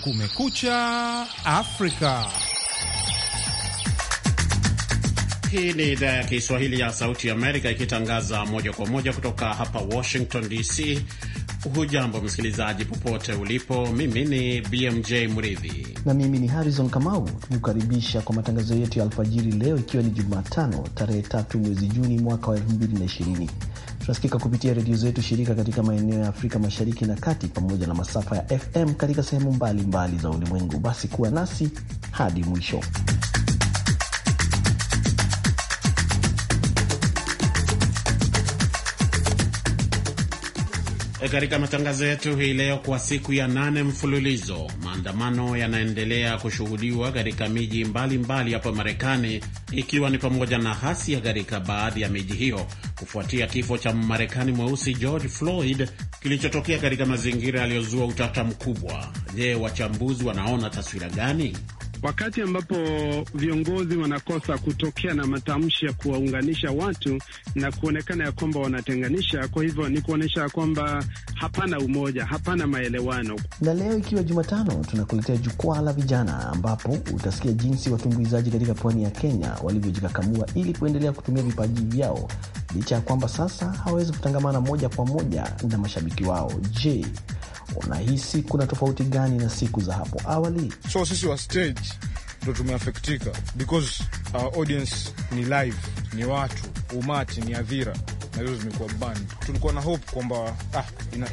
Kumekucha Afrika. Hii ni idhaa ya Kiswahili ya Sauti ya Amerika ikitangaza moja kwa moja kutoka hapa Washington DC. Hujambo msikilizaji, popote ulipo. Mimi ni BMJ Mridhi na mimi ni Harrison Kamau, tukukaribisha kwa matangazo yetu ya alfajiri leo, ikiwa ni Jumatano tarehe tatu mwezi Juni mwaka wa 220 Tunasikika kupitia redio zetu shirika katika maeneo ya Afrika Mashariki na Kati, pamoja na masafa ya FM katika sehemu mbalimbali za ulimwengu. Basi kuwa nasi hadi mwisho. E, katika matangazo yetu hii leo, kwa siku ya nane mfululizo, maandamano yanaendelea kushuhudiwa katika miji mbalimbali hapa Marekani, ikiwa ni pamoja na hasia katika baadhi ya miji hiyo kufuatia kifo cha Mmarekani mweusi George Floyd kilichotokea katika mazingira yaliyozua utata mkubwa. Je, wachambuzi wanaona taswira gani? Wakati ambapo viongozi wanakosa kutokea na matamshi ya kuwaunganisha watu na kuonekana ya kwamba wanatenganisha, kwa hivyo ni kuonyesha kwamba hapana umoja, hapana maelewano. Na leo ikiwa Jumatano, tunakuletea jukwaa la vijana, ambapo utasikia jinsi watumbuizaji katika pwani ya Kenya walivyojikakamua ili kuendelea kutumia vipaji vyao licha ya kwamba sasa hawawezi kutangamana moja kwa moja na mashabiki wao. Je, unahisi kuna tofauti gani na siku za hapo awali? So sisi wa stage ndo tumeafektika because our audience ni live, ni watu, umati ni adhira na hizo zimekuwa band. Tulikuwa na hope kwamba ah,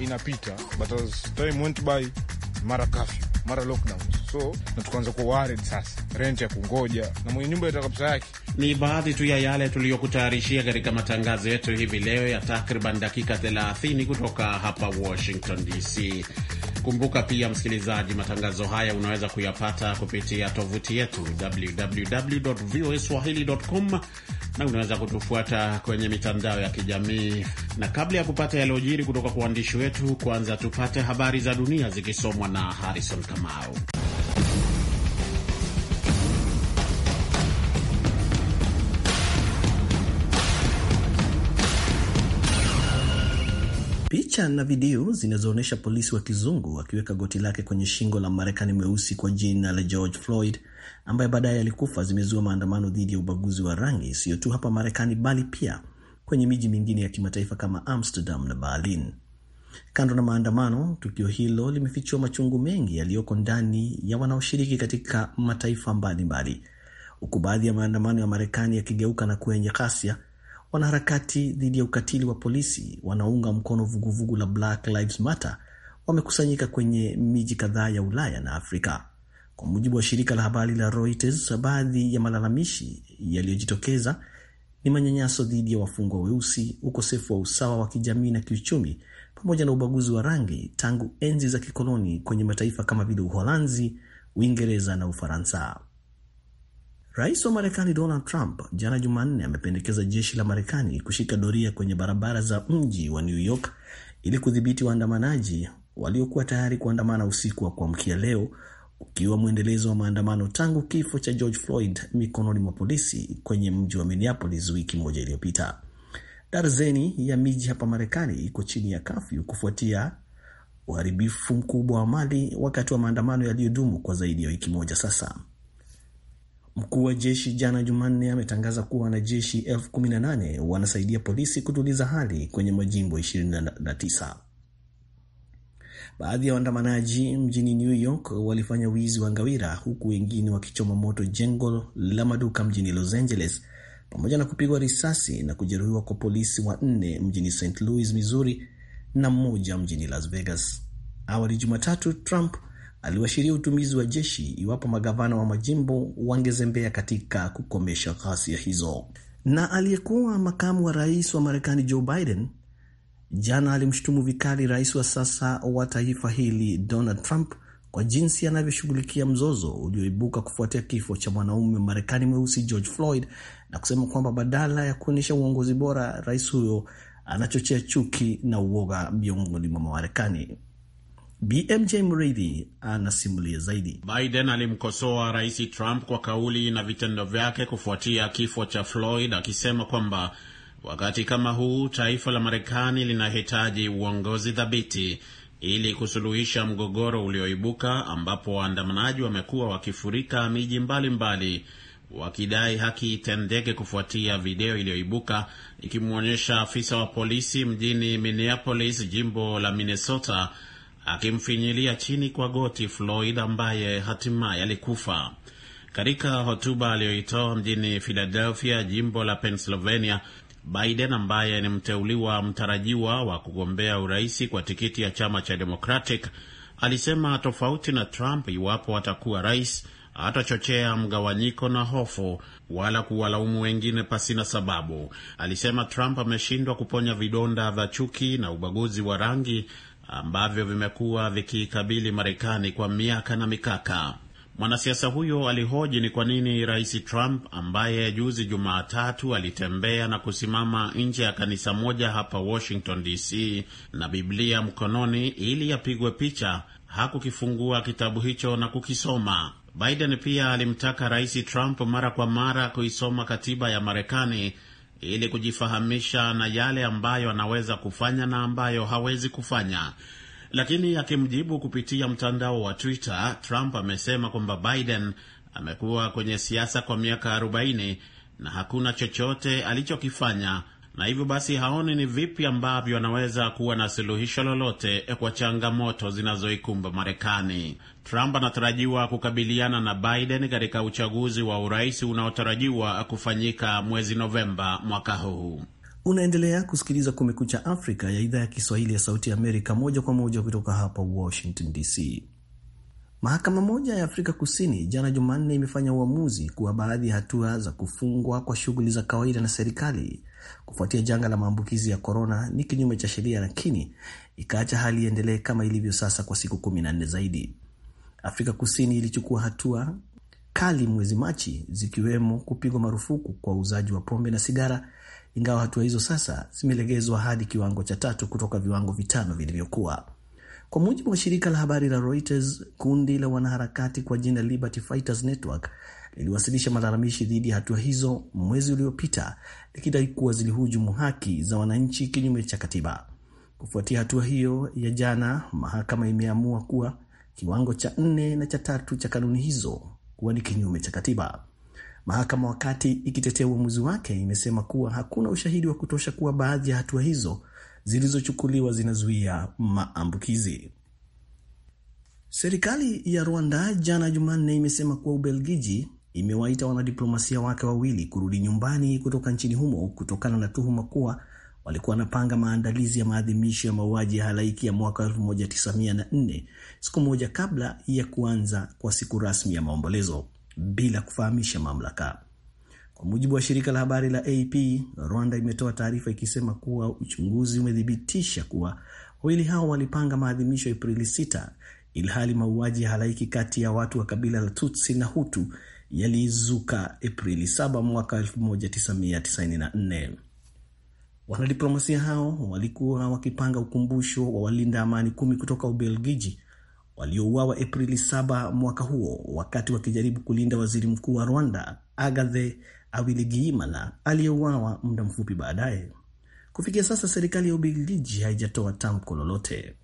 inapita ina but as time went by mara kafyu mara lockdown, so na tukaanza kuwa worried sasa, rent ya kungoja na mwenye nyumba yataka pesa yake. Ni baadhi tu ya yale tuliyokutayarishia katika matangazo yetu hivi leo ya takriban dakika 30 kutoka hapa Washington DC. Kumbuka pia msikilizaji, matangazo haya unaweza kuyapata kupitia tovuti yetu www.voaswahili.com na unaweza kutufuata kwenye mitandao ya kijamii. Na kabla ya kupata yaliyojiri kutoka kwa waandishi wetu, kwanza tupate habari za dunia zikisomwa na Harrison Kamau. Picha na video zinazoonyesha polisi wa kizungu akiweka goti lake kwenye shingo la Marekani mweusi kwa jina la George Floyd ambaye baadaye alikufa zimezua maandamano dhidi ya ubaguzi wa rangi, sio tu hapa Marekani bali pia kwenye miji mingine ya kimataifa kama Amsterdam na Berlin. Kando na maandamano, tukio hilo limefichua machungu mengi yaliyoko ndani ya wanaoshiriki katika mataifa mbalimbali, huku baadhi ya maandamano ya Marekani yakigeuka na kuwa yenye ghasia. Wanaharakati dhidi ya ukatili wa polisi wanaunga mkono vuguvugu vugu la Black Lives Matter wamekusanyika kwenye miji kadhaa ya Ulaya na Afrika. Kwa mujibu wa shirika la habari la Reuters, baadhi ya malalamishi yaliyojitokeza ni manyanyaso dhidi ya wafungwa weusi, ukosefu wa usawa wa kijamii na kiuchumi, pamoja na ubaguzi wa rangi tangu enzi za kikoloni kwenye mataifa kama vile Uholanzi, Uingereza na Ufaransa. Rais wa Marekani Donald Trump jana Jumanne amependekeza jeshi la Marekani kushika doria kwenye barabara za mji wa New York ili kudhibiti waandamanaji waliokuwa tayari kuandamana usiku wa kuamkia leo, ukiwa mwendelezo wa maandamano tangu kifo cha George Floyd mikononi mwa polisi kwenye mji wa Minneapolis wiki moja iliyopita. Darzeni ya miji hapa Marekani iko chini ya kafyu kufuatia uharibifu mkubwa wa mali wakati wa maandamano yaliyodumu kwa zaidi ya wiki moja sasa. Mkuu wa jeshi jana Jumanne ametangaza kuwa wanajeshi elfu kumi na nane wanasaidia polisi kutuliza hali kwenye majimbo 29. Baadhi ya waandamanaji mjini New York walifanya wizi wa ngawira huku wengine wakichoma moto jengo la maduka mjini Los Angeles pamoja na kupigwa risasi na kujeruhiwa kwa polisi wanne mjini St. Louis, Missouri na mmoja mjini Las Vegas. Awali Jumatatu, Trump aliwashiria utumizi wa jeshi iwapo magavana wa majimbo wangezembea katika kukomesha ghasia hizo. Na aliyekuwa makamu wa rais wa Marekani Joe Biden jana alimshutumu vikali rais wa sasa wa taifa hili Donald Trump kwa jinsi anavyoshughulikia mzozo ulioibuka kufuatia kifo cha mwanaume Marekani mweusi George Floyd na kusema kwamba badala ya kuonyesha uongozi bora, rais huyo anachochea chuki na uoga miongoni mwa Marekani. BMJ Mridhi anasimulia zaidi. Biden alimkosoa Rais Trump kwa kauli na vitendo vyake kufuatia kifo cha Floyd, akisema kwamba wakati kama huu taifa la Marekani linahitaji uongozi thabiti ili kusuluhisha mgogoro ulioibuka, ambapo waandamanaji wamekuwa wakifurika miji mbalimbali wakidai haki itendeke kufuatia video iliyoibuka ikimwonyesha afisa wa polisi mjini Minneapolis, jimbo la Minnesota akimfinyilia chini kwa goti Floyd ambaye hatimaye alikufa. Katika hotuba aliyoitoa mjini Philadelphia, jimbo la Pennsylvania, Biden ambaye ni mteuliwa mtarajiwa wa kugombea uraisi kwa tikiti ya chama cha Democratic alisema tofauti na Trump, iwapo atakuwa rais, hatachochea mgawanyiko na hofu wala kuwalaumu wengine pasina sababu. Alisema Trump ameshindwa kuponya vidonda vya chuki na ubaguzi wa rangi ambavyo vimekuwa vikiikabili Marekani kwa miaka na mikaka. Mwanasiasa huyo alihoji ni kwa nini Rais Trump ambaye juzi Jumatatu alitembea na kusimama nje ya kanisa moja hapa Washington DC na Biblia mkononi ili apigwe picha hakukifungua kitabu hicho na kukisoma. Biden pia alimtaka Rais Trump mara kwa mara kuisoma katiba ya Marekani ili kujifahamisha na yale ambayo anaweza kufanya na ambayo hawezi kufanya. Lakini akimjibu kupitia mtandao wa Twitter, Trump amesema kwamba Biden amekuwa kwenye siasa kwa miaka 40 na hakuna chochote alichokifanya na hivyo basi haoni ni vipi ambavyo anaweza kuwa na suluhisho lolote kwa changamoto zinazoikumba Marekani. Trump anatarajiwa kukabiliana na Biden katika uchaguzi wa urais unaotarajiwa kufanyika mwezi Novemba mwaka huu. Unaendelea kusikiliza Kumekucha Afrika ya idhaa ya Kiswahili ya Sauti Amerika, moja kwa moja kutoka hapa Washington DC. Mahakama moja ya Afrika Kusini jana Jumanne imefanya uamuzi kuwa baadhi ya hatua za kufungwa kwa shughuli za kawaida na serikali kufuatia janga la maambukizi ya korona ni kinyume cha sheria, lakini ikaacha hali iendelee kama ilivyo sasa kwa siku kumi na nne zaidi. Afrika Kusini ilichukua hatua kali mwezi Machi, zikiwemo kupigwa marufuku kwa uuzaji wa pombe na sigara, ingawa hatua hizo sasa zimelegezwa hadi kiwango cha tatu kutoka viwango vitano vilivyokuwa. Kwa mujibu wa shirika la habari la Reuters, kundi la wanaharakati kwa jina Liberty Fighters Network liliwasilisha malalamishi dhidi ya hatua hizo mwezi uliopita, likidai kuwa zilihujumu haki za wananchi kinyume cha katiba. Kufuatia hatua hiyo ya jana, mahakama imeamua kuwa kiwango cha nne na cha tatu cha kanuni hizo kuwa ni kinyume cha katiba. Mahakama, wakati ikitetea uamuzi wake, imesema kuwa hakuna ushahidi wa kutosha kuwa baadhi ya hatua hizo zilizochukuliwa zinazuia maambukizi. Serikali ya Rwanda jana Jumanne imesema kuwa Ubelgiji imewaita wanadiplomasia wake wawili kurudi nyumbani kutoka nchini humo kutokana na tuhuma kuwa walikuwa wanapanga maandalizi ya maadhimisho ya mauaji ya halaiki ya mwaka 1904 siku moja kabla ya kuanza kwa siku rasmi ya maombolezo bila kufahamisha mamlaka. Kwa mujibu wa shirika la habari la AP, Rwanda imetoa taarifa ikisema kuwa uchunguzi umethibitisha kuwa wawili hao walipanga maadhimisho Aprili 6 ilhali mauaji ya halaiki kati ya watu wa kabila la Tutsi na Hutu yalizuka Aprili 7 mwaka 1994. Wanadiplomasia hao walikuwa wakipanga ukumbusho wa walinda amani kumi kutoka Ubelgiji waliouawa Aprili 7 mwaka huo wakati wakijaribu kulinda waziri mkuu wa Rwanda Agathe Uwilingiyimana aliyeuawa muda mfupi baadaye. Kufikia sasa serikali ya Ubelgiji haijatoa tamko lolote.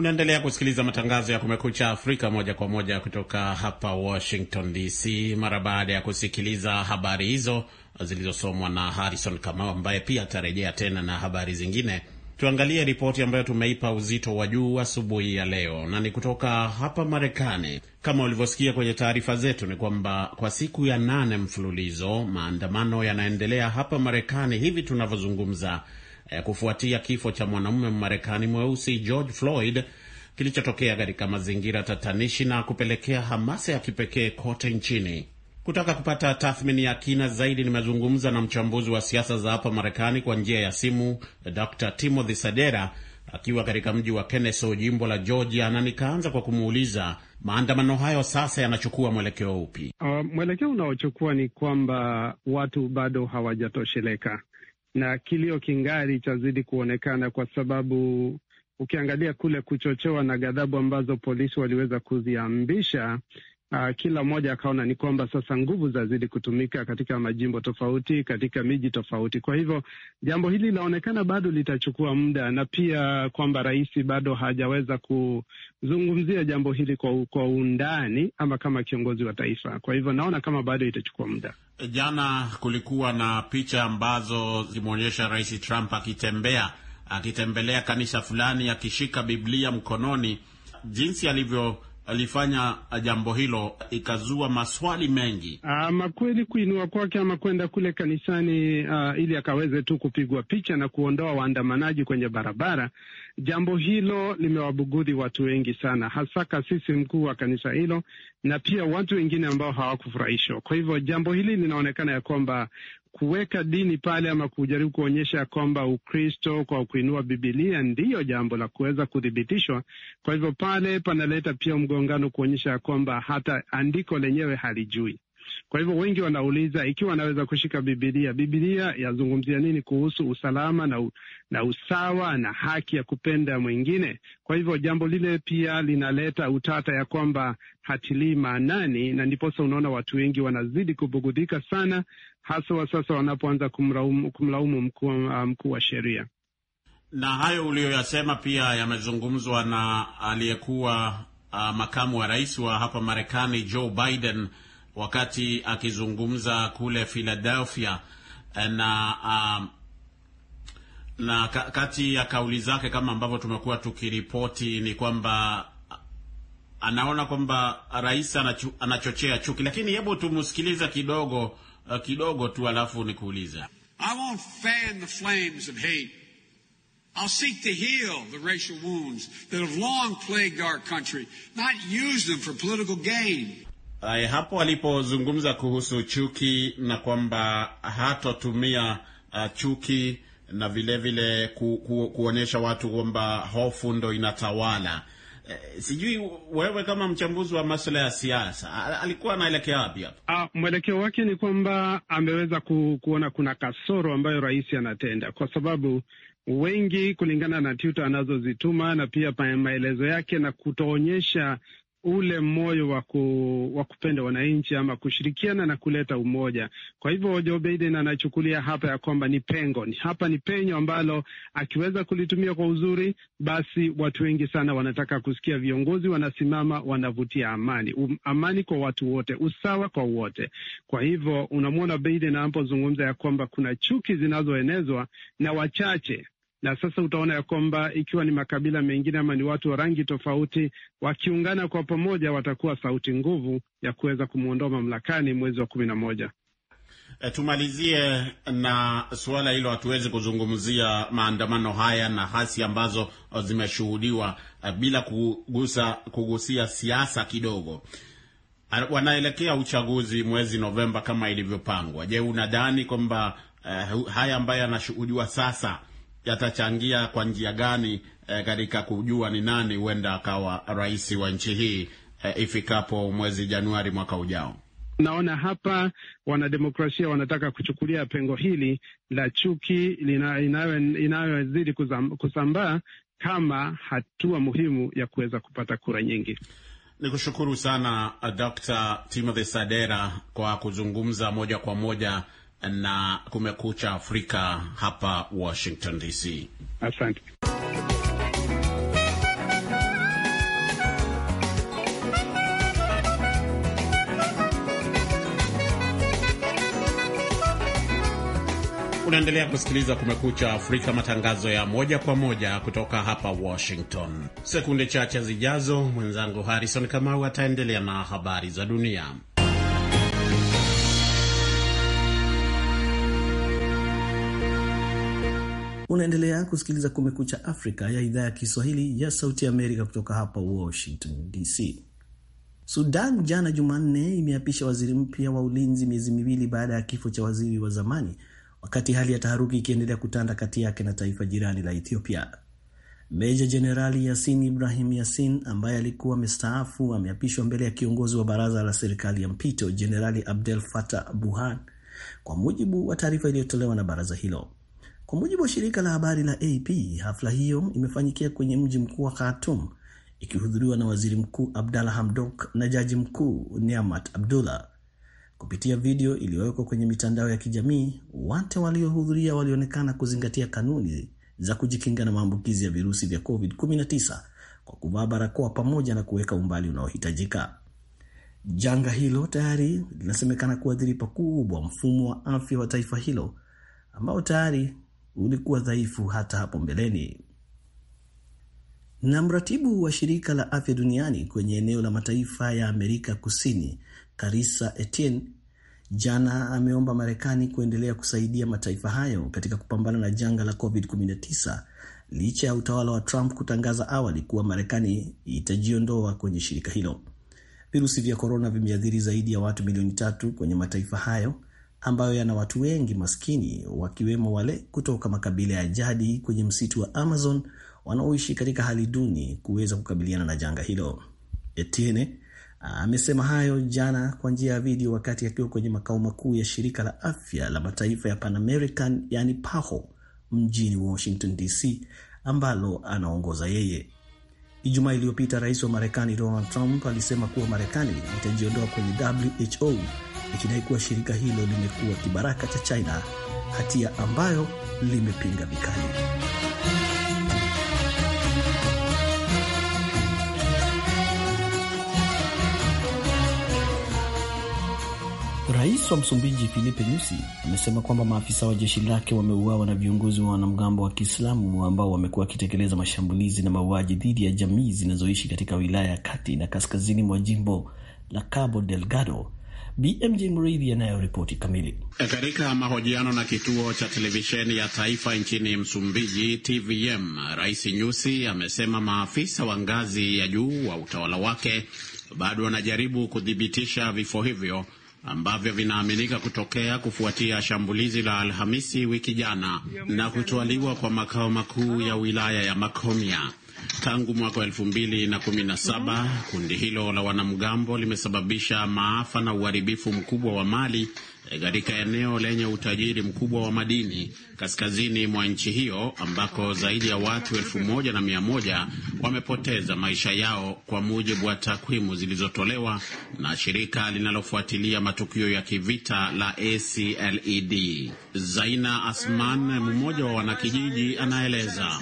Unaendelea kusikiliza matangazo ya Kumekucha Afrika moja kwa moja kutoka hapa Washington DC, mara baada ya kusikiliza habari hizo zilizosomwa na Harrison Kamau, ambaye pia atarejea tena na habari zingine. Tuangalie ripoti ambayo tumeipa uzito wa juu asubuhi ya leo, na ni kutoka hapa Marekani. Kama ulivyosikia kwenye taarifa zetu, ni kwamba kwa siku ya nane mfululizo maandamano yanaendelea hapa Marekani hivi tunavyozungumza, Eh, kufuatia kifo cha mwanamume Mmarekani mweusi George Floyd kilichotokea katika mazingira tatanishi na kupelekea hamasa ya kipekee kote nchini. Kutaka kupata tathmini ya kina zaidi, nimezungumza na mchambuzi wa siasa za hapa Marekani kwa njia ya simu, Dr Timothy Sadera akiwa katika mji wa Kennesaw, jimbo la Georgia, na nikaanza kwa kumuuliza maandamano hayo sasa yanachukua mwelekeo upi? Uh, mwelekeo unaochukua ni kwamba watu bado hawajatosheleka na kilio kingali chazidi kuonekana, kwa sababu ukiangalia kule kuchochewa na ghadhabu ambazo polisi waliweza kuziambisha, uh, kila mmoja akaona ni kwamba sasa nguvu zazidi kutumika katika majimbo tofauti, katika miji tofauti. Kwa hivyo jambo hili linaonekana bado litachukua muda, na pia kwamba rais bado hajaweza kuzungumzia jambo hili kwa, kwa undani ama kama kiongozi wa taifa. Kwa hivyo naona kama bado itachukua muda. Jana kulikuwa na picha ambazo zimeonyesha Rais Trump akitembea akitembelea kanisa fulani akishika Biblia mkononi, jinsi alivyo alifanya jambo hilo ikazua maswali mengi. Ah, ama kweli kuinua kwake ama kwenda kule kanisani uh, ili akaweze tu kupigwa picha na kuondoa waandamanaji kwenye barabara, jambo hilo limewabugudhi watu wengi sana, hasa kasisi mkuu wa kanisa hilo na pia watu wengine ambao hawakufurahishwa. Kwa hivyo jambo hili linaonekana ya kwamba kuweka dini pale ama kujaribu kuonyesha kwamba Ukristo kwa kuinua Bibilia ndiyo jambo la kuweza kuthibitishwa. Kwa hivyo pale panaleta pia mgongano, kuonyesha ya kwamba hata andiko lenyewe halijui. Kwa hivyo wengi wanauliza ikiwa anaweza kushika Bibilia, Bibilia yazungumzia nini kuhusu usalama na, na usawa na haki ya kupenda mwingine? Kwa hivyo jambo lile pia linaleta utata ya kwamba hatilii maanani, na ndiposa unaona watu wengi wanazidi kubugudhika sana, hasa wa sasa wanapoanza kumlaumu kumlaumu mkuu mkuu wa sheria na hayo uliyoyasema pia yamezungumzwa na aliyekuwa uh, makamu wa rais wa hapa Marekani Joe Biden wakati akizungumza kule Philadelphia eh, na um, na kati ya kauli zake kama ambavyo tumekuwa tukiripoti ni kwamba anaona kwamba rais anacho, anachochea chuki, lakini hebu tumsikilize kidogo uh, kidogo tu alafu nikuuliza. I won't fan the flames of hate. I'll seek to heal the racial wounds that have long plagued our country, not use them for political gain. Ay, hapo alipozungumza kuhusu chuki na kwamba hatotumia uh, chuki na vilevile ku, ku, kuonyesha watu kwamba hofu ndo inatawala. Eh, sijui wewe kama mchambuzi wa masuala ya siasa alikuwa anaelekea wapi hapo? Ah, mwelekeo wake ni kwamba ameweza ku, kuona kuna kasoro ambayo rais anatenda kwa sababu wengi kulingana na tuta anazozituma na pia maelezo yake na kutoonyesha ule moyo wa waku, kupenda wananchi ama kushirikiana na kuleta umoja. Kwa hivyo Joe Biden anachukulia hapa ya kwamba ni pengo, ni hapa ni penyo ambalo akiweza kulitumia kwa uzuri, basi watu wengi sana wanataka kusikia viongozi wanasimama, wanavutia amani, um, amani kwa watu wote, usawa kwa wote. Kwa hivyo unamwona Biden anapozungumza ya kwamba kuna chuki zinazoenezwa na wachache na sasa utaona ya kwamba ikiwa ni makabila mengine ama ni watu wa rangi tofauti wakiungana kwa pamoja, watakuwa sauti nguvu ya kuweza kumwondoa mamlakani mwezi wa kumi na moja. E, tumalizie na suala hilo. Hatuwezi kuzungumzia maandamano haya na hasi ambazo zimeshuhudiwa e, bila kugusa, kugusia siasa kidogo. Wanaelekea uchaguzi mwezi Novemba kama ilivyopangwa. Je, unadhani kwamba e, haya ambayo yanashuhudiwa sasa yatachangia kwa njia gani eh, katika kujua ni nani huenda akawa rais wa nchi hii e, ifikapo mwezi Januari mwaka ujao? Naona hapa wanademokrasia wanataka kuchukulia pengo hili la chuki inayozidi kusambaa kama hatua muhimu ya kuweza kupata kura nyingi. Ni kushukuru sana eh, Dr. Timothy Sadera kwa kuzungumza moja kwa moja na Kumekucha Afrika hapa Washington DC. Asante. Unaendelea kusikiliza Kumekucha Afrika, matangazo ya moja kwa moja kutoka hapa Washington. Sekunde chache zijazo, mwenzangu Harrison Kamau ataendelea na habari za dunia. Unaendelea kusikiliza Kumekucha Afrika ya idhaa ya Kiswahili ya Sauti Amerika kutoka hapa Washington DC. Sudan jana Jumanne imeapisha waziri mpya wa ulinzi miezi miwili baada ya kifo cha waziri wa zamani, wakati hali ya taharuki ikiendelea kutanda kati yake na taifa jirani la Ethiopia. Meja Jenerali Yasin Ibrahim Yasin ambaye alikuwa amestaafu ameapishwa mbele ya kiongozi wa baraza la serikali ya mpito Jenerali Abdel Fattah Burhan, kwa mujibu wa taarifa iliyotolewa na baraza hilo. Kwa mujibu wa shirika la habari la AP, hafla hiyo imefanyikia kwenye mji mkuu wa Khartoum ikihudhuriwa na waziri mkuu Abdalla Hamdok na jaji mkuu Niamat Abdullah. Kupitia video iliyowekwa kwenye mitandao ya kijamii, wote waliohudhuria walionekana kuzingatia kanuni za kujikinga na maambukizi ya virusi vya COVID-19 kwa kuvaa barakoa pamoja na kuweka umbali unaohitajika. Janga hilo tayari linasemekana kuathiri pakubwa mfumo wa afya wa taifa hilo ambao tayari ulikuwa dhaifu hata hapo mbeleni. Na mratibu wa shirika la afya duniani kwenye eneo la mataifa ya Amerika Kusini, Karisa Etienne, jana ameomba Marekani kuendelea kusaidia mataifa hayo katika kupambana na janga la COVID-19 licha ya utawala wa Trump kutangaza awali kuwa Marekani itajiondoa kwenye shirika hilo. Virusi vya korona vimeathiri zaidi ya watu milioni tatu kwenye mataifa hayo ambayo yana watu wengi maskini wakiwemo wale kutoka makabila ya jadi kwenye msitu wa Amazon wanaoishi katika hali duni kuweza kukabiliana na janga hilo. Etienne ah, amesema hayo jana kwa njia ya video wakati akiwa kwenye makao makuu ya shirika la afya la mataifa ya Pan American, yani PAHO mjini Washington DC, ambalo anaongoza yeye. Ijumaa iliyopita rais wa Marekani Donald Trump alisema kuwa Marekani itajiondoa kwenye WHO ikidai kuwa shirika hilo limekuwa kibaraka cha China, hatia ambayo limepinga vikali. Rais wa Msumbiji Filipe Nyusi amesema kwamba maafisa wa jeshi lake wameuawa na viongozi wa wanamgambo wa Kiislamu ambao wamekuwa wakitekeleza mashambulizi na mauaji dhidi ya jamii zinazoishi katika wilaya ya kati na kaskazini mwa jimbo la Cabo Delgado BMJ Mridhi anayoripoti kamili. E, katika mahojiano na kituo cha televisheni ya taifa nchini Msumbiji, TVM, Rais Nyusi amesema maafisa wa ngazi ya juu wa utawala wake bado wanajaribu kuthibitisha vifo hivyo ambavyo vinaaminika kutokea kufuatia shambulizi la Alhamisi wiki jana na kutwaliwa kwa makao makuu ya wilaya ya Makomia. Tangu mwaka wa elfu mbili na kumi na saba mm, kundi hilo la wanamgambo limesababisha maafa na uharibifu mkubwa wa mali eh, katika eneo lenye utajiri mkubwa wa madini kaskazini mwa nchi hiyo ambako zaidi ya watu elfu moja na mia moja wamepoteza maisha yao kwa mujibu wa takwimu zilizotolewa na shirika linalofuatilia matukio ya kivita la ACLED. Zaina Asman, mmoja wa wanakijiji, anaeleza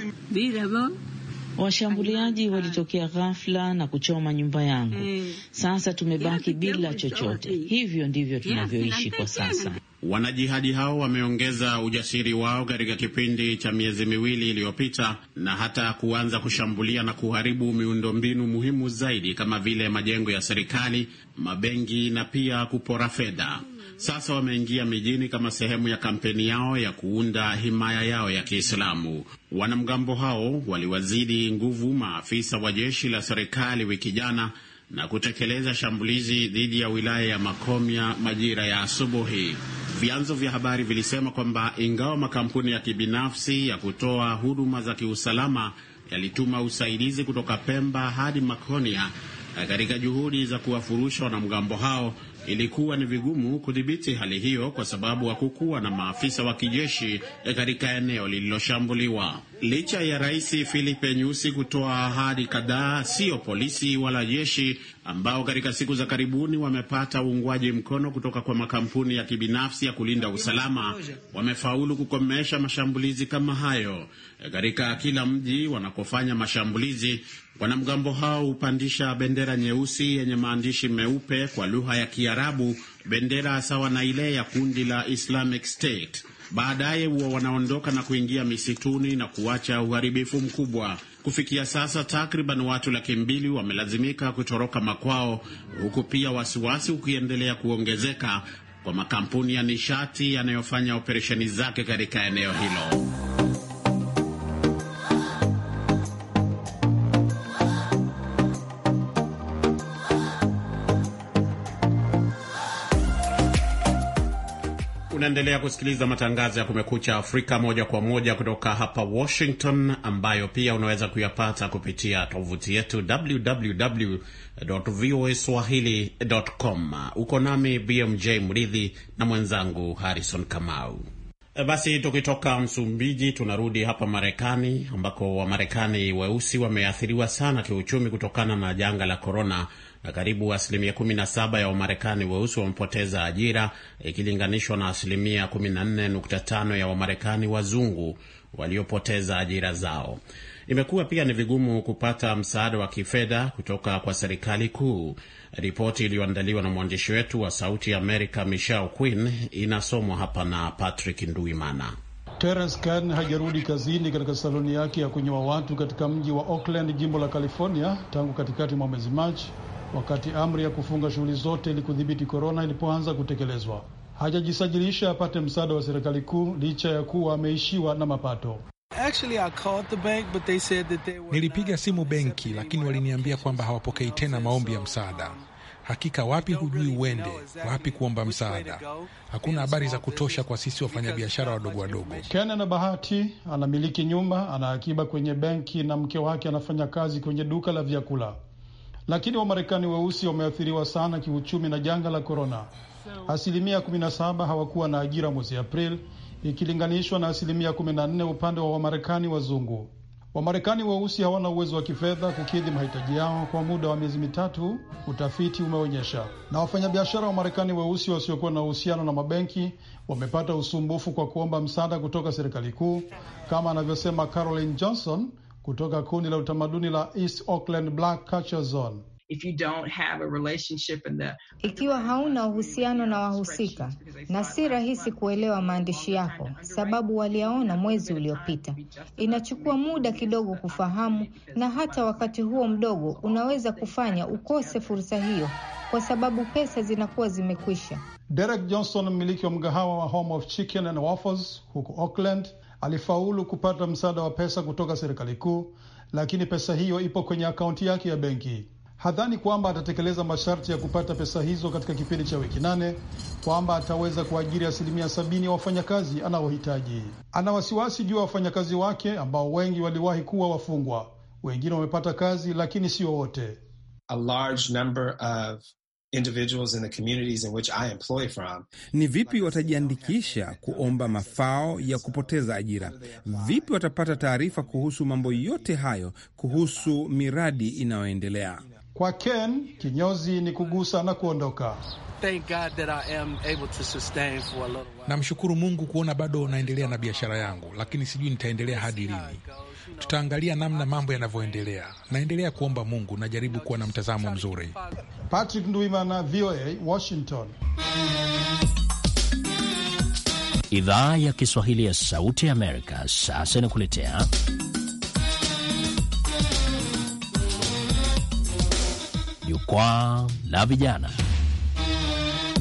washambuliaji walitokea ghafla na kuchoma nyumba yangu. Mm. Sasa tumebaki bila chochote. Hivyo ndivyo tunavyoishi kwa sasa. Wanajihadi hao wameongeza ujasiri wao katika kipindi cha miezi miwili iliyopita na hata kuanza kushambulia na kuharibu miundombinu muhimu zaidi kama vile majengo ya serikali, mabenki na pia kupora fedha. Sasa wameingia mijini kama sehemu ya kampeni yao ya kuunda himaya yao ya Kiislamu. Wanamgambo hao waliwazidi nguvu maafisa wa jeshi la serikali wiki jana na kutekeleza shambulizi dhidi ya wilaya ya Makomya majira ya asubuhi. Vyanzo vya habari vilisema kwamba ingawa makampuni ya kibinafsi ya kutoa huduma za kiusalama yalituma usaidizi kutoka Pemba hadi Makonia eh, katika juhudi za kuwafurusha wanamgambo hao, ilikuwa ni vigumu kudhibiti hali hiyo kwa sababu hakukuwa na maafisa wa kijeshi eh, katika eneo lililoshambuliwa. Licha ya Rais Filipe Nyusi kutoa ahadi kadhaa, siyo polisi wala jeshi ambao katika siku za karibuni wamepata uungwaji mkono kutoka kwa makampuni ya kibinafsi ya kulinda usalama wamefaulu kukomesha mashambulizi kama hayo. Katika kila mji wanakofanya mashambulizi, wanamgambo hao hupandisha bendera nyeusi yenye maandishi meupe kwa lugha ya Kiarabu, bendera sawa na ile ya kundi la Islamic State. Baadaye huwa wanaondoka na kuingia misituni na kuacha uharibifu mkubwa. Kufikia sasa takriban watu laki mbili wamelazimika kutoroka makwao, huku pia wasiwasi ukiendelea kuongezeka kwa makampuni ya nishati yanayofanya operesheni zake katika eneo hilo. Unaendelea kusikiliza matangazo ya Kumekucha Afrika moja kwa moja kutoka hapa Washington, ambayo pia unaweza kuyapata kupitia tovuti yetu www.voaswahili.com. Uko nami BMJ Mridhi na mwenzangu Harrison Kamau. E, basi tukitoka Msumbiji tunarudi hapa Marekani, ambako Wamarekani weusi wameathiriwa sana kiuchumi kutokana na janga la korona na karibu asilimia 17 ya Wamarekani weusi wamepoteza ajira ikilinganishwa na asilimia 14.5 ya Wamarekani wazungu waliopoteza ajira zao. Imekuwa pia ni vigumu kupata msaada wa kifedha kutoka kwa serikali kuu. Ripoti iliyoandaliwa na mwandishi wetu wa Sauti ya Amerika Michel Quinn inasomwa hapa na Patrick Nduimana. Terence Khan hajarudi kazini katika saloni yake ya kunyoa watu katika mji wa Oakland, jimbo la California tangu katikati mwa mwezi Machi, wakati amri ya kufunga shughuli zote ili kudhibiti korona ilipoanza kutekelezwa. Hajajisajilisha apate msaada wa serikali kuu licha ya kuwa ameishiwa na mapato. Nilipiga simu benki, lakini waliniambia kwamba hawapokei tena maombi ya msaada. Hakika wapi hujui uende wapi kuomba msaada. Hakuna habari za kutosha kwa sisi wafanyabiashara wadogo wadogo. Ken na bahati, anamiliki nyumba, ana akiba kwenye benki na mke wake anafanya kazi kwenye duka la vyakula lakini Wamarekani weusi wameathiriwa sana kiuchumi na janga la korona. Asilimia 17 hawakuwa na ajira mwezi april ikilinganishwa na asilimia 14 upande wa Wamarekani wazungu. Wamarekani weusi hawana uwezo wa kifedha kukidhi mahitaji yao kwa muda wa miezi mitatu, utafiti umeonyesha. Na wafanyabiashara wa Marekani weusi wasiokuwa na uhusiano na mabenki wamepata usumbufu kwa kuomba msaada kutoka serikali kuu, kama anavyosema Caroline Johnson, kutoka kundi la utamaduni la East Auckland Black Culture Zone. If you don't have a relationship in the... ikiwa hauna uhusiano na wahusika, na si rahisi kuelewa maandishi yako, sababu waliyaona mwezi uliopita. Inachukua muda kidogo kufahamu, na hata wakati huo mdogo unaweza kufanya ukose fursa hiyo kwa sababu pesa zinakuwa zimekwisha. Derek Johnson, mmiliki wa mgahawa wa Home of Chicken and Waffles huko Auckland alifaulu kupata msaada wa pesa kutoka serikali kuu, lakini pesa hiyo ipo kwenye akaunti yake ya benki. Hadhani kwamba atatekeleza masharti ya kupata pesa hizo katika kipindi cha wiki nane, kwamba ataweza kuajiri asilimia sabini ya wafanyakazi anaohitaji. Ana wasiwasi juu ya wafanyakazi wake ambao wengi waliwahi kuwa wafungwa, wengine wamepata kazi, lakini sio wote. A large number of individuals in the communities in which I employ from. Ni vipi watajiandikisha kuomba mafao ya kupoteza ajira? Vipi watapata taarifa kuhusu mambo yote hayo, kuhusu miradi inayoendelea? Kwa Ken, kinyozi ni kugusa na kuondoka. Namshukuru Mungu kuona bado naendelea na biashara yangu, lakini sijui nitaendelea hadi lini. Tutaangalia namna mambo yanavyoendelea. Naendelea kuomba Mungu, najaribu kuwa na mtazamo mzuri. Patrick Nduimana, VOA Washington. Idhaa ya Kiswahili ya Sauti ya Amerika sasa inakuletea Jukwaa la Vijana.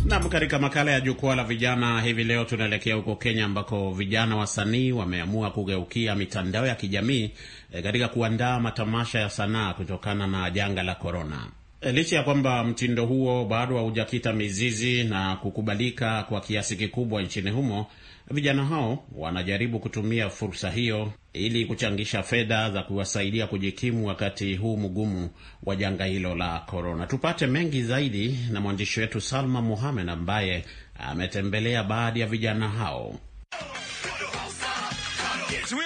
Nam, katika makala ya Jukwaa la Vijana hivi leo tunaelekea huko Kenya, ambako vijana wasanii wameamua kugeukia mitandao ya kijamii eh, katika kuandaa matamasha ya sanaa kutokana na janga la korona. Eh, licha ya kwamba mtindo huo bado haujakita mizizi na kukubalika kwa kiasi kikubwa nchini humo, vijana hao wanajaribu kutumia fursa hiyo ili kuchangisha fedha za kuwasaidia kujikimu wakati huu mgumu wa janga hilo la korona. Tupate mengi zaidi na mwandishi wetu Salma Mohamed ambaye ametembelea baadhi ya vijana hao. So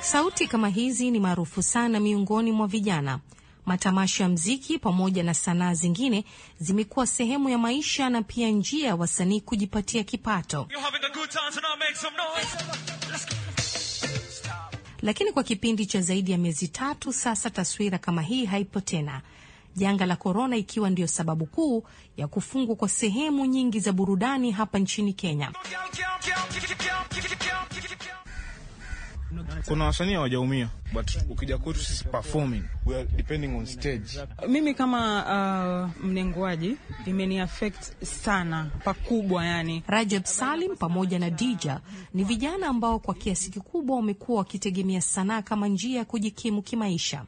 Sauti kama hizi ni maarufu sana miongoni mwa vijana. Matamasha ya mziki pamoja na sanaa zingine zimekuwa sehemu ya maisha na pia njia ya wasanii kujipatia kipato. Lakini kwa kipindi cha zaidi ya miezi tatu sasa, taswira kama hii haipo tena, janga la korona ikiwa ndiyo sababu kuu ya kufungwa kwa sehemu nyingi za burudani hapa nchini Kenya kuna wasanii hawajaumia, but ukija kwetu sisi performing we are depending on stage. Mimi kama uh, mnenguaji imeni affect sana pakubwa. Yani Rajab Salim pamoja na Dija ni vijana ambao kwa kiasi kikubwa wamekuwa wakitegemea sanaa kama njia ya kujikimu kimaisha.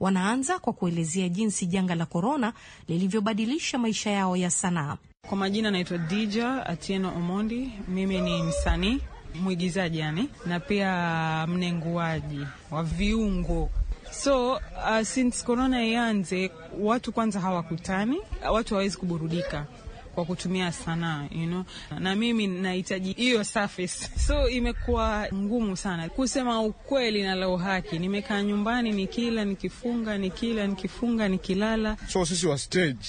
Wanaanza kwa kuelezea jinsi janga la korona lilivyobadilisha maisha yao ya sanaa. Kwa majina naitwa Dija Atieno Omondi, mimi ni msanii mwigizaji yani, na pia mnenguaji wa viungo so uh, since corona ianze, watu kwanza hawakutani, watu hawawezi kuburudika kwa kutumia sanaa you know, na mimi nahitaji hiyo surface, so imekuwa ngumu sana kusema ukweli na la uhaki. Nimekaa nyumbani nikila nikifunga, nikila nikifunga, nikilala. So sisi wa stage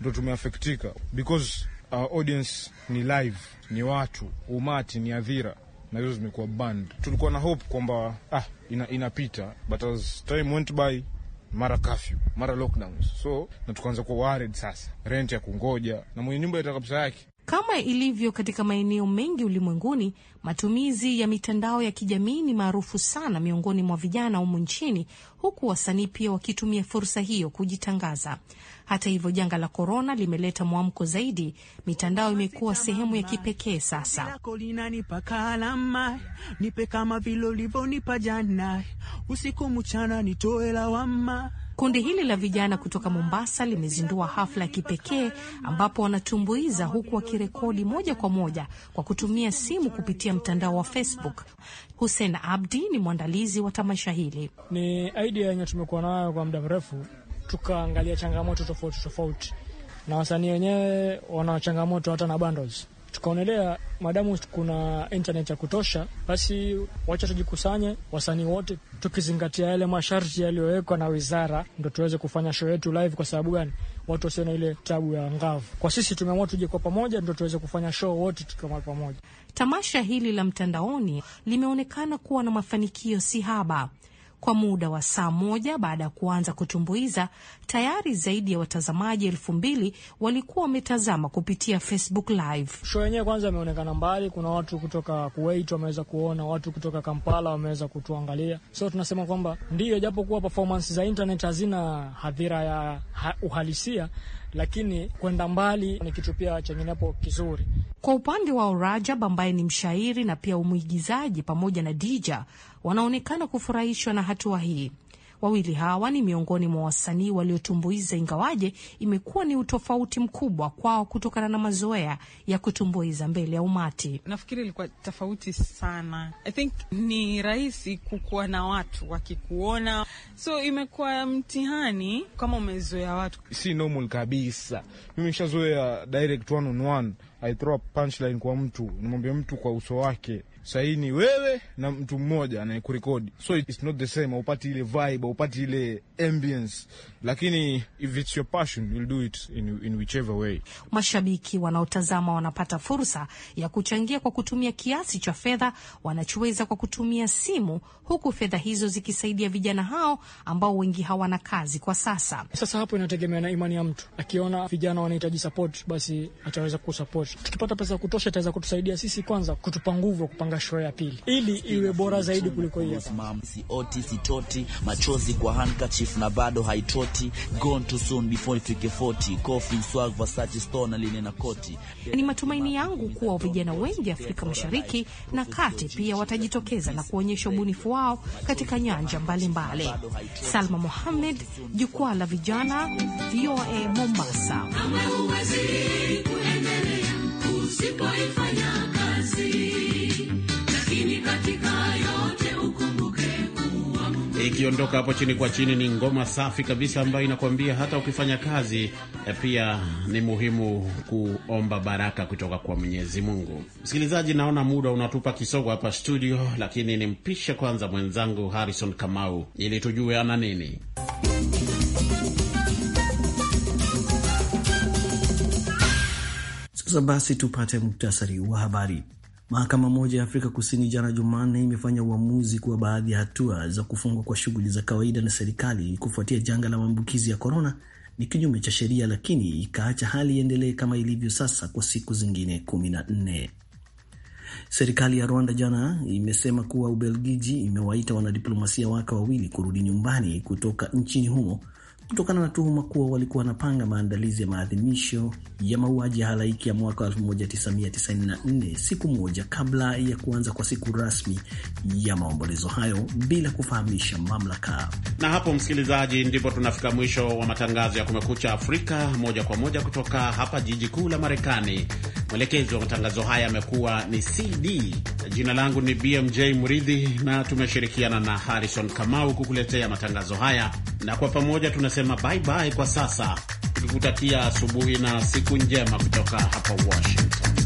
ndo tumeafektika because Our audience ni live, ni watu, umati ni adhira na hizo zimekuwa band Tulikuwa na hope kwamba ah, ina, inapita but as time went by mara kafyu mara lockdowns, so na tukaanza kuwa worried sasa, rent ya kungoja na mwenye nyumba itaka pesa yake kama ilivyo katika maeneo mengi ulimwenguni, matumizi ya mitandao ya kijamii ni maarufu sana miongoni mwa vijana humu nchini, huku wasanii pia wakitumia fursa hiyo kujitangaza. Hata hivyo, janga la korona limeleta mwamko zaidi. Mitandao imekuwa sehemu ya kipekee sasa. Nipe kama vile ulivyonipa jana, usiku mchana nitoe lawama Kundi hili la vijana kutoka Mombasa limezindua hafla ya kipekee ambapo wanatumbuiza huku wakirekodi moja kwa moja kwa kutumia simu kupitia mtandao wa Facebook. Hussein Abdi ni mwandalizi wa tamasha hili. Ni idea yenye tumekuwa nayo kwa muda mrefu, tukaangalia changamoto tofauti tofauti, na wasanii wenyewe wana changamoto hata na bundles tukaonelea madamu kuna internet ya kutosha, basi wacha tujikusanye wasanii wote, tukizingatia yale masharti yaliyowekwa na wizara, ndo tuweze kufanya show yetu live. Kwa sababu gani? Watu wasio na ile tabu ya ngavu. Kwa sisi tumeamua tuje kwa pamoja, ndo tuweze kufanya show wote tukiwa pamoja. Tamasha hili la mtandaoni limeonekana kuwa na mafanikio si haba kwa muda wa saa moja baada ya kuanza kutumbuiza. Tayari zaidi ya watazamaji elfu mbili walikuwa wametazama kupitia Facebook Live. Show yenyewe kwanza imeonekana mbali, kuna watu kutoka Kuwait wameweza kuona, watu kutoka Kampala wameweza kutuangalia, so tunasema kwamba ndiyo, japokuwa performance za internet hazina hadhira ya uhalisia lakini kwenda mbali ni kitu pia chenginepo kizuri. Kwa upande wao Rajab ambaye ni mshairi na pia umwigizaji pamoja na Dija wanaonekana kufurahishwa na hatua hii. Wawili hawa ni miongoni mwa wasanii waliotumbuiza, ingawaje imekuwa ni utofauti mkubwa kwao kutokana na mazoea ya kutumbuiza mbele ya umati. Nafikiri ilikuwa tofauti sana. I think ni rahisi kukuwa na watu wakikuona, so imekuwa mtihani kama umezoea watu. Si normal kabisa, mimi nishazoea direct one on one, I throw punchline kwa mtu, nimwambie mtu kwa uso wake Sahii ni wewe na mtu mmoja anayekurekodi, so it's not the same. Haupati ile vibe, haupati ile ambience, lakini if it's your passion you'll do it in, in whichever way. Mashabiki wanaotazama wanapata fursa ya kuchangia kwa kutumia kiasi cha fedha wanachoweza kwa kutumia simu, huku fedha hizo zikisaidia vijana hao ambao wengi hawana kazi kwa sasa. Sasa hapo inategemea na imani ya mtu, akiona vijana wanahitaji support, basi ataweza kusupport. Tukipata pesa ya kutosha itaweza kutusaidia sisi, kwanza kutupa nguvu ya kupanga na ya pili ili iwe bora zaidi kuliko hiyo. Sioti sitoti machozi kwa handkerchief na bado haitoti gone too soon before it ifike 40 coffee swag Versace store na line na koti. Ni matumaini yangu kuwa vijana wengi Afrika Mashariki na Kati pia watajitokeza na kuonyesha ubunifu wao katika nyanja mbalimbali mbali. Salma Mohamed, Jukwaa la Vijana, VOA Mombasa. Kama huwezi kuendelea usipoifanya Ikiondoka hapo chini kwa chini, ni ngoma safi kabisa ambayo inakuambia hata ukifanya kazi eh, pia ni muhimu kuomba baraka kutoka kwa Mwenyezi Mungu. Msikilizaji, naona muda unatupa kisogo hapa studio, lakini nimpishe kwanza mwenzangu Harrison Kamau ili tujue ana nini. Sasa basi tupate muktasari wa habari. Mahakama moja ya Afrika Kusini jana Jumanne imefanya uamuzi kuwa baadhi ya hatua za kufungwa kwa shughuli za kawaida na serikali kufuatia janga la maambukizi ya korona ni kinyume cha sheria, lakini ikaacha hali iendelee kama ilivyo sasa kwa siku zingine kumi na nne. Serikali ya Rwanda jana imesema kuwa Ubelgiji imewaita wanadiplomasia wake wawili kurudi nyumbani kutoka nchini humo kutokana na tuhuma kuwa walikuwa wanapanga maandalizi ya maadhimisho ya mauaji ya halaiki ya mwaka 1994 siku moja kabla ya kuanza kwa siku rasmi ya maombolezo hayo bila kufahamisha mamlaka. Na hapo, msikilizaji, ndipo tunafika mwisho wa matangazo ya Kumekucha Afrika moja kwa moja kutoka hapa jiji kuu la Marekani. Mwelekezi wa matangazo haya amekuwa ni CD. Jina langu ni BMJ mridhi na tumeshirikiana na Harrison Kamau kukuletea matangazo haya na kwa pamoja tunasema bye bye kwa sasa, tukikutakia asubuhi na siku njema kutoka hapa Washington.